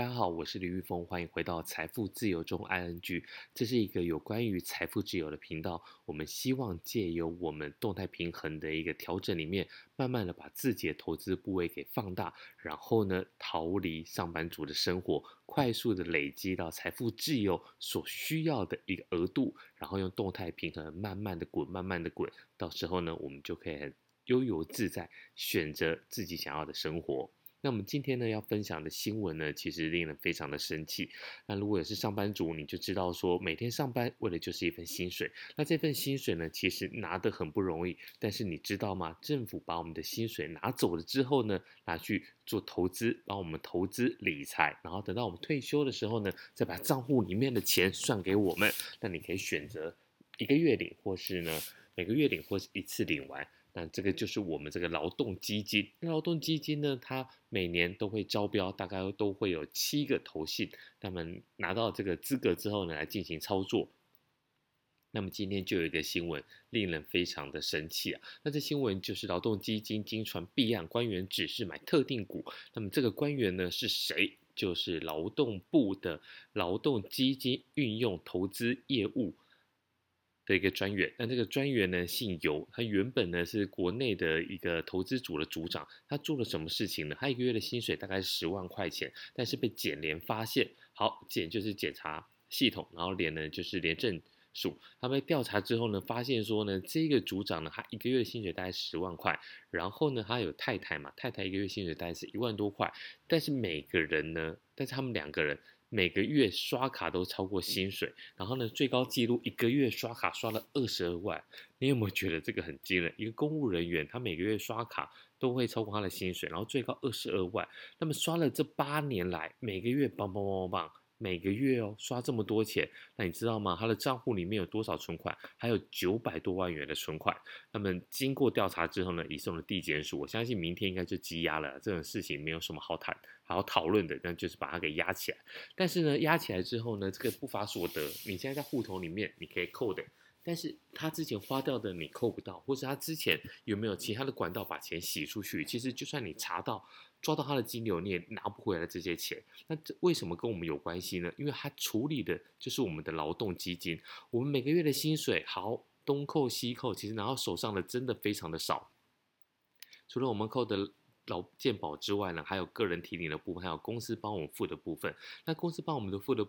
大家好，我是李玉峰，歡迎回到財富自由中 ING。這是一個有關於財富自由的頻道。我們希望借由我們動態平衡的一個調整裡面，慢慢的把自己的投資部位給放大，然後呢，逃離上班族的生活，快速的累積到財富自由所需要的一個額度，然後用動態平衡慢慢的滾，慢慢的滾，到時候呢，我們就可以很悠游自在，選擇自己想要的生活。那我們今天呢，要分享的新聞呢，其實令人非常的生氣。那如果也是上班族，你就知道說，每天上班為了，就是一份薪水。那這份薪水呢，其實拿得很不容易。但是你知道嗎？政府把我們的薪水拿走了之後呢，拿去做投資，幫我們投資理財，然後等到我們退休的時候呢，再把賬戶裡面的錢算給我們。那你可以選擇一個月領，或是呢每個月領，或是一次領完。這個就是我們這個勞動基金。那勞動基金呢，它每年都會招標，大概都會有七個投信，他們拿到這個資格之後呢，來進行操作。那麼今天就有一個新聞，令人非常的生氣啊。那這新聞就是勞動基金驚傳弊案，官員指示買特定股。那麼這個官員呢，是誰？就是勞動部的勞動基金運用投資業務。的一個專員，那這個專員呢，姓尤，他原本呢是國內的一個投資組的組長，他做了什麼事情呢？他一個月的薪水大概是十萬塊錢，但是被檢廉發現，好檢就是檢查系統，然後廉呢就是廉政署，他被調查之後呢，發現說呢這個組長呢他一個月的薪水大概十萬塊，然後呢他有太太嘛，太太一個月薪水大概是一萬多塊，但是每個人呢，但是他們兩個人。每個月刷卡都超過薪水，然後呢，最高紀錄一個月刷卡刷了二十二萬。你有沒有覺得這個很驚人？一個公務人員他每個月刷卡都會超過他的薪水，然後最高二十二萬。那麼刷了這八年來，每個月棒棒棒棒棒。每個月哦，刷這麼多錢，那你知道嗎？他的賬戶裡面有多少存款？還有九百多萬元的存款。那麼經過調查之後呢，移送了地檢署。我相信明天應該就羈押了。這種事情沒有什麼好談，還好討論的，那就是把它給壓起來。但是呢，壓起來之後呢，這個不法所得，你現在在戶頭裡面，你可以扣的。但是他之前花掉的你扣不到，或者他之前有沒有其他的管道把錢洗出去？其實就算你查到，抓到他的金流，你也拿不回來這些錢。那這為什麼跟我們有關係呢？因為他處理的就是我們的勞動基金，我們每個月的薪水，好，東扣西扣，其實拿到手上的真的非常的少。除了我們扣的勞健保之外呢，還有個人提領的部分，還有公司幫我們付的部分。那公司幫我們付的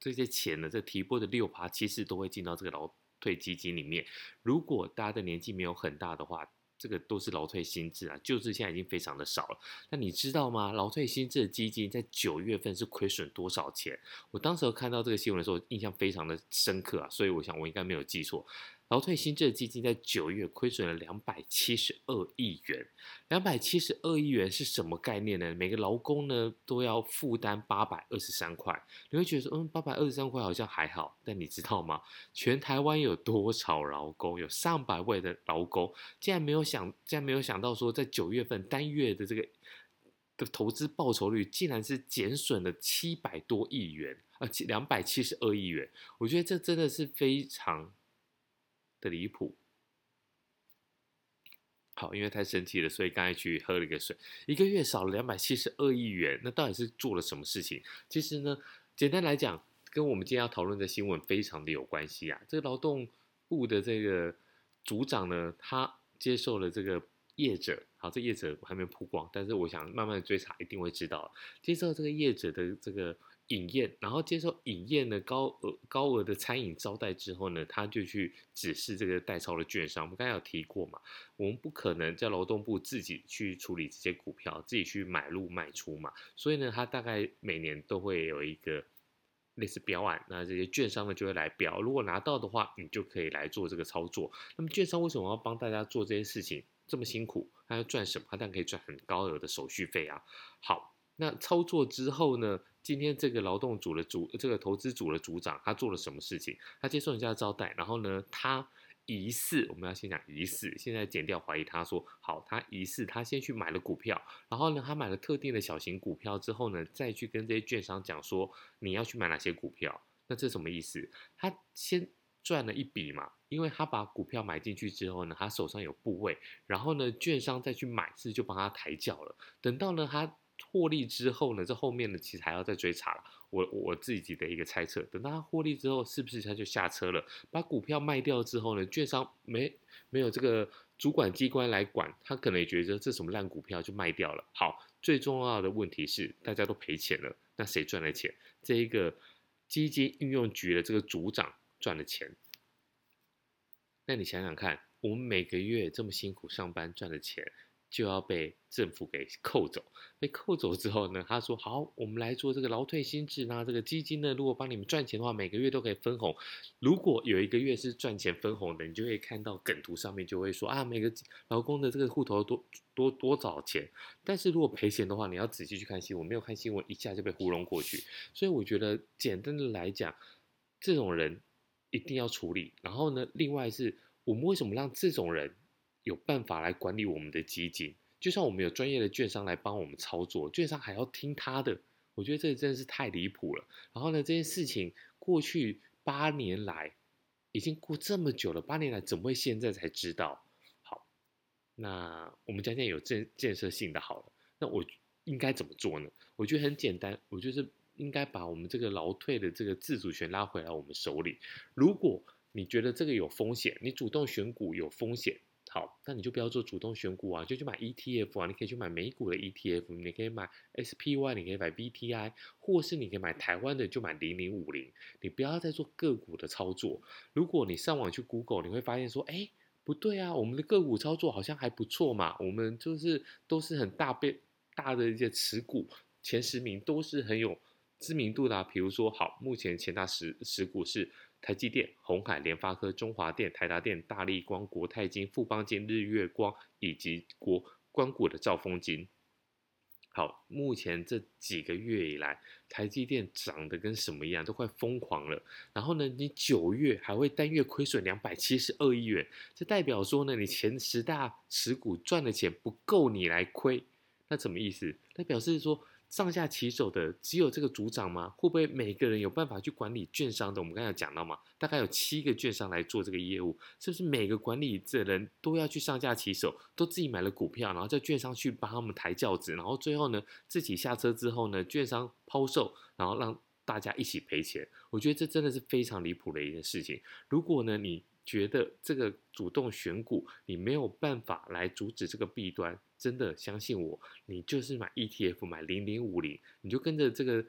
這些錢呢，這提撥的六趴，其實都會進到這個勞。退基金裡面，如果大家的年紀沒有很大的話，這個都是勞退新制啊，就是現在已經非常的少了。那你知道嗎？勞退新制的基金在九月份是虧損多少錢？我當時看到這個新聞的時候，印象非常的深刻啊，所以我想我應該沒有記錯。勞退新這個基金在九月虧損了兩百七十二億元，兩百七十二億元是什麼概念呢？每個勞工呢都要負擔八百二十三塊。你會覺得說，嗯，八百二十三塊好像還好，但你知道嗎？全台灣有多少勞工？有上百位的勞工，竟然沒有想，竟然沒有想到說，在九月份單月的這個的投資報酬率，竟然是減損了七百多億元啊，兩百七十二億元。我覺得這真的是非常。的離譜，好，因為太神奇了，所以剛才去喝了一個水，一個月少了兩百七十二億元，那到底是做了什麼事情？其實呢，簡單來講，跟我們今天要討論的新聞非常的有關係啊。這個勞動部的這個組長呢，他接受了這個業者，好，這個、業者我還沒曝光，但是我想慢慢追查，一定會知道接受這個業者的這個。飲宴，然後接受飲宴的高額高額的餐飲招待之後呢，他就去指示這個代操的券商。我們剛才有提過嘛，我們不可能在勞動部自己去處理這些股票，自己去買入賣出嘛。所以呢，他大概每年都會有一個類似標案，那這些券商呢就會來標。如果拿到的話，你就可以來做這個操作。那麼券商為什麼要幫大家做這些事情？這麼辛苦，他要賺什麼？他當然可以賺很高額的手續費啊。好，那操作之後呢？今天這個勞動組的組，這個投資組的組長，他做了什麼事情？他接受人家的招待，然後呢，他疑似，我們要先講疑似。現在減掉懷疑，他說好，他疑似，他先去買了股票，然後呢，他買了特定的小型股票之後呢，再去跟這些券商講說，你要去買哪些股票，那這什麼意思？他先賺了一筆嘛，因為他把股票買進去之後呢，他手上有部位，然後呢，券商再去買是就幫他抬轎了，等到呢他獲利之後呢，這後面呢，其實還要再追查了。我我自己的一個猜測，等到他獲利之後，是不是他就下車了，把股票賣掉之後呢，券商沒沒有這個主管機關來管，他可能也覺得這什麼爛股票就賣掉了。好，最重要的問題是大家都賠錢了，那誰賺了錢？這一個基金運用局的這個組長賺了錢。那你想想看，我們每個月這麼辛苦上班賺的錢。就要被政府給扣走，被扣走之後呢，他說好，我們來做這個勞退新制、啊，那這個基金呢，如果幫你們賺錢的話，每個月都可以分紅。如果有一個月是賺錢分紅的，你就會看到梗圖上面就會說啊，每個勞工的這個戶頭多多，多多少錢。但是如果賠錢的話，你要仔細去看新聞，沒有看新聞一下就被糊弄過去。所以我覺得簡單的來講，這種人一定要處理。然後呢，另外是，我們為什麼讓這種人？有辦法來管理我們的基金，就像我們有專業的券商來幫我們操作，券商還要聽他的，我覺得這真是太離譜了。然後呢，這件事情過去八年來已經過這麼久了，八年來怎麼會現在才知道？好，那我們講講有建建設性的，好了，那我應該怎麼做呢？我覺得很簡單，我覺得是應該把我們這個勞退的這個自主權拉回來我們手裡。如果你覺得這個有風險，你主動選股有風險。好，那你就不要做主動選股啊，就去買 ETF 啊。你可以去買美股的 ETF，你可以買 SPY，你可以買 VTI，或是你可以買台灣的，就買零零五零。你不要再做個股的操作。如果你上網去 Google，你會發現說，哎、欸，不對啊，我們的個股操作好像還不錯嘛。我們就是都是很大被大的一些持股，前十名都是很有。知名度啦、啊，比如說好，目前前十大持股是台積電、鴻海、聯發科、中華電、台達電、大立光、國泰金、富邦金、日月光以及國官股的兆豐金。好，目前這幾個月以來，台積電漲得跟什麼一樣，都快瘋狂了。然後呢，你九月還會單月虧損兩百七十二億元，這代表說呢，你前十大持股賺的錢不夠你來虧，那什麼意思？那表示說。上下其手的只有這個組長嗎？會不會每個人有辦法去管理券商的？我們剛才講到嘛，大概有七個券商來做這個業務，是不是每個管理者的人都要去上下其手，都自己買了股票，然後叫券商去幫他們抬轎子，然後最後呢，自己下車之後呢，券商拋售，然後讓大家一起賠錢？我覺得這真的是非常離譜的一件事情。如果呢，你覺得這個主動選股，你沒有辦法來阻止這個弊端？真的相信我，你就是買 ETF，買0050，你就跟着這個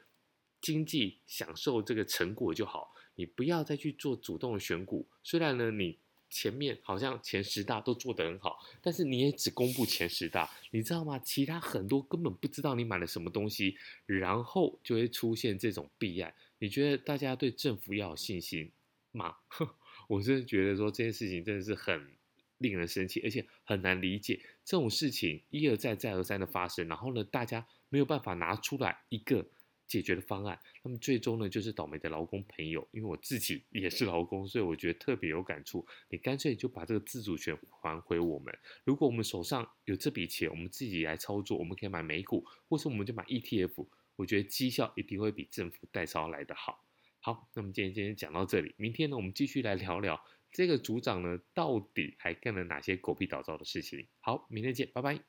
經濟享受這個成果就好。你不要再去做主動的選股，雖然呢，你前面好像前十大都做得很好，但是你也只公布前十大，你知道嗎？其他很多根本不知道你買了什麼東西，然後就會出現這種弊案。你覺得大家對政府要有信心嗎？哼，我真的覺得說這件事情真的是很令人生氣，而且很難理解這種事情一而再再而三的發生，然後呢，大家沒有辦法拿出來一個解決的方案。那麼最終呢，就是倒霉的勞工朋友，因為我自己也是勞工，所以我覺得特別有感觸。你乾脆就把這個自主權還回我們。如果我們手上有這筆錢，我們自己來操作，我們可以買美股，或是我們就買 ETF。我覺得績效一定會比政府代操來得好。好，那麼今天今天講到這裡，明天呢，我們繼續來聊聊。這個組長呢，到底還幹了哪些狗屁倒灶的事情？好，明天見，拜拜。